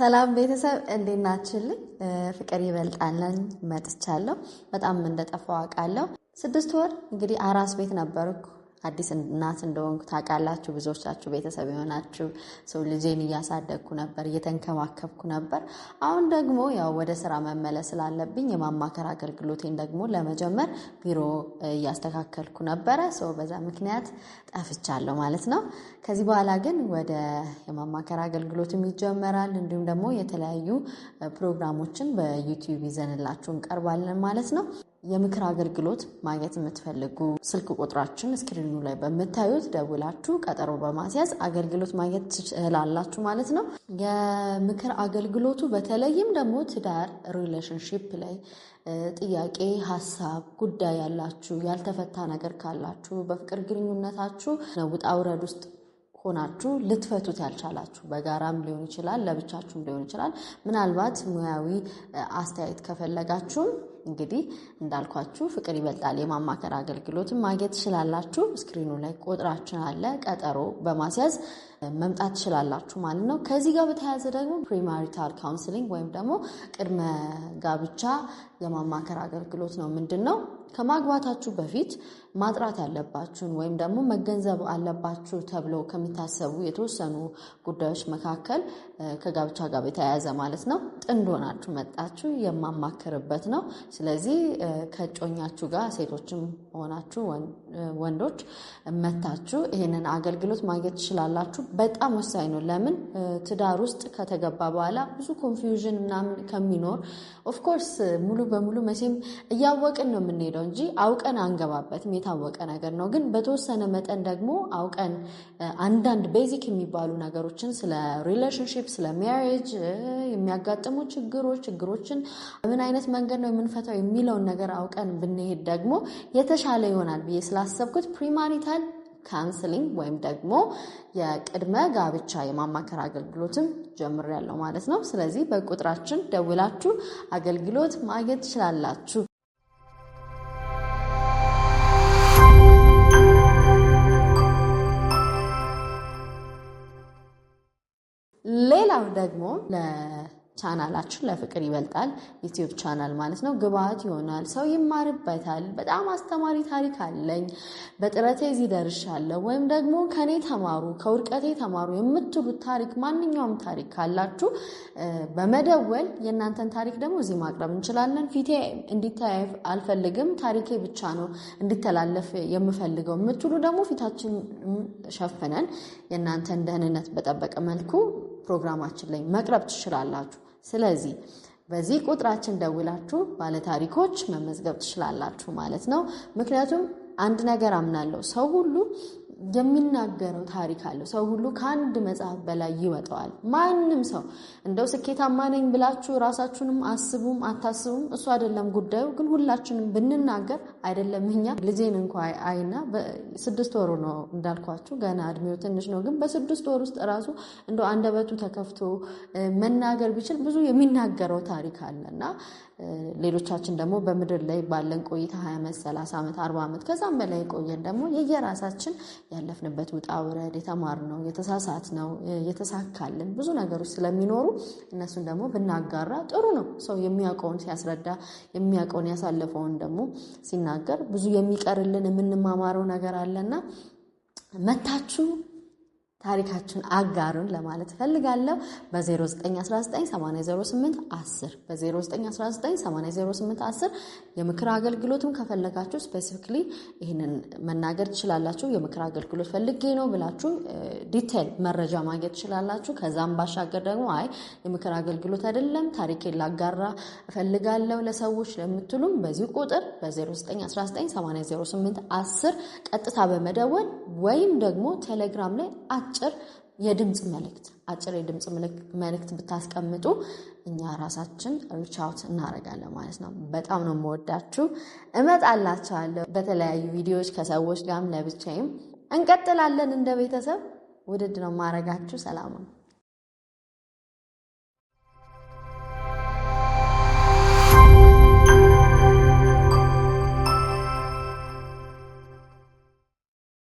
ሰላም ቤተሰብ እንዴት ናችሁልኝ? ፍቅር ይበልጣለን መጥቻለሁ። በጣም እንደጠፋው አውቃለሁ። ስድስት ወር እንግዲህ አራስ ቤት ነበርኩ። አዲስ እናት እንደሆንኩ ታውቃላችሁ። ብዙዎቻችሁ ቤተሰብ የሆናችሁ ሰው ልጄን እያሳደግኩ ነበር፣ እየተንከባከብኩ ነበር። አሁን ደግሞ ያው ወደ ስራ መመለስ ስላለብኝ የማማከር አገልግሎቴን ደግሞ ለመጀመር ቢሮ እያስተካከልኩ ነበረ። ሰው በዛ ምክንያት ጠፍቻለሁ ማለት ነው። ከዚህ በኋላ ግን ወደ የማማከር አገልግሎትም ይጀመራል። እንዲሁም ደግሞ የተለያዩ ፕሮግራሞችን በዩቲዩብ ይዘንላችሁ እንቀርባለን ማለት ነው። የምክር አገልግሎት ማግኘት የምትፈልጉ ስልክ ቁጥራችን እስክሪኑ ላይ በምታዩት ደውላችሁ ቀጠሮ በማስያዝ አገልግሎት ማግኘት ትችላላችሁ ማለት ነው። የምክር አገልግሎቱ በተለይም ደግሞ ትዳር፣ ሪሌሽንሽፕ ላይ ጥያቄ፣ ሀሳብ፣ ጉዳይ ያላችሁ ያልተፈታ ነገር ካላችሁ በፍቅር ግንኙነታችሁ ውጣ ውረድ ውስጥ ሆናችሁ ልትፈቱት ያልቻላችሁ በጋራም ሊሆን ይችላል፣ ለብቻችሁም ሊሆን ይችላል። ምናልባት ሙያዊ አስተያየት ከፈለጋችሁም እንግዲህ እንዳልኳችሁ ፍቅር ይበልጣል የማማከር አገልግሎትን ማግኘት ትችላላችሁ። ስክሪኑ ላይ ቁጥራችን አለ። ቀጠሮ በማስያዝ መምጣት ትችላላችሁ ማለት ነው። ከዚህ ጋር በተያያዘ ደግሞ ፕሪማሪታል ካውንስሊንግ ወይም ደግሞ ቅድመ ጋብቻ የማማከር አገልግሎት ነው። ምንድን ነው ከማግባታችሁ በፊት ማጥራት ያለባችሁን ወይም ደግሞ መገንዘብ አለባችሁ ተብለው ከሚታሰቡ የተወሰኑ ጉዳዮች መካከል ከጋብቻ ጋር የተያያዘ ማለት ነው። ጥንድ ሆናችሁ መጣችሁ የማማክርበት ነው። ስለዚህ ከእጮኛችሁ ጋር ሴቶችም ሆናችሁ ወንዶች መታችሁ ይህንን አገልግሎት ማግኘት ትችላላችሁ። በጣም ወሳኝ ነው። ለምን ትዳር ውስጥ ከተገባ በኋላ ብዙ ኮንፊውዥን ምናምን ከሚኖር ኦፍኮርስ ሙሉ በሙሉ መቼም እያወቅን ነው የምንሄደው እንጂ አውቀን አንገባበትም። የታወቀ ነገር ነው። ግን በተወሰነ መጠን ደግሞ አውቀን አንዳንድ ቤዚክ የሚባሉ ነገሮችን ስለ ሪሌሽንሽፕ፣ ስለ ሜሪጅ፣ የሚያጋጥሙ ችግሮች ችግሮችን ምን አይነት መንገድ ነው የምንፈታው የሚለውን ነገር አውቀን ብንሄድ ደግሞ የተሻለ ይሆናል ብዬ ስላ ስላሰብኩት ፕሪማሪታል ካውንስሊንግ ወይም ደግሞ የቅድመ ጋብቻ የማማከር አገልግሎትም ያለው ማለት ነው። ስለዚህ በቁጥራችን ደውላችሁ አገልግሎት ማግኘት ትችላላችሁ። ሌላው ደግሞ ቻናላችን ለፍቅር ይበልጣል ዩቲዩብ ቻናል ማለት ነው። ግብአት ይሆናል፣ ሰው ይማርበታል። በጣም አስተማሪ ታሪክ አለኝ፣ በጥረቴ እዚህ ደርሻለሁ፣ ወይም ደግሞ ከኔ ተማሩ፣ ከውድቀቴ ተማሩ የምትሉት ታሪክ ማንኛውም ታሪክ ካላችሁ በመደወል የእናንተን ታሪክ ደግሞ እዚህ ማቅረብ እንችላለን። ፊቴ እንዲታይ አልፈልግም፣ ታሪኬ ብቻ ነው እንዲተላለፍ የምፈልገው የምትሉ ደግሞ ፊታችን ሸፍነን የእናንተን ደህንነት በጠበቀ መልኩ ፕሮግራማችን ላይ መቅረብ ትችላላችሁ። ስለዚህ በዚህ ቁጥራችን ደውላችሁ ባለታሪኮች መመዝገብ ትችላላችሁ ማለት ነው። ምክንያቱም አንድ ነገር አምናለሁ፣ ሰው ሁሉ የሚናገረው ታሪክ አለው። ሰው ሁሉ ከአንድ መጽሐፍ በላይ ይወጣዋል። ማንም ሰው እንደው ስኬታማ ነኝ ብላችሁ ራሳችሁንም አስቡም አታስቡም እሱ አይደለም ጉዳዩ። ግን ሁላችንም ብንናገር አይደለም እኛ ልጄን እንኳ አይና ስድስት ወሩ ነው እንዳልኳችሁ ገና እድሜው ትንሽ ነው። ግን በስድስት ወር ውስጥ ራሱ እንደ አንደበቱ ተከፍቶ መናገር ቢችል ብዙ የሚናገረው ታሪክ አለ እና ሌሎቻችን ደግሞ በምድር ላይ ባለን ቆይታ 2 ዓመት 30 ዓመት 40 ዓመት ከዛም በላይ ቆየን ደግሞ የየራሳችን ያለፍንበት ውጣ ውረድ፣ የተማርነው፣ ነው የተሳካልን ብዙ ነገሮች ስለሚኖሩ እነሱን ደግሞ ብናጋራ ጥሩ ነው። ሰው የሚያውቀውን ሲያስረዳ የሚያውቀውን ያሳለፈውን ደግሞ ሲናገር ብዙ የሚቀርልን የምንማማረው ነገር አለና መታችሁ ታሪካችን አጋሩን ለማለት እፈልጋለሁ። 10 በ 10 የምክር አገልግሎትም ከፈለጋችሁ ስፔሲፊክሊ ይህንን መናገር ትችላላችሁ። የምክር አገልግሎት ፈልጌ ነው ብላችሁ ዲቴል መረጃ ማግኘት ትችላላችሁ። ከዛም ባሻገር ደግሞ አይ የምክር አገልግሎት አይደለም ታሪኬን ላጋራ እፈልጋለሁ ለሰዎች ለምትሉም በዚህ ቁጥር በ 10 ቀጥታ በመደወል ወይም ደግሞ ቴሌግራም ላይ አጭር የድምፅ መልእክት አጭር የድምፅ መልእክት ብታስቀምጡ እኛ ራሳችን ሪቻውት እናደርጋለን ማለት ነው። በጣም ነው የምወዳችሁ። እመጣላችኋለሁ በተለያዩ ቪዲዮዎች ከሰዎች ጋርም ለብቻይም እንቀጥላለን። እንደ ቤተሰብ ውድድ ነው ማረጋችሁ። ሰላም ነው።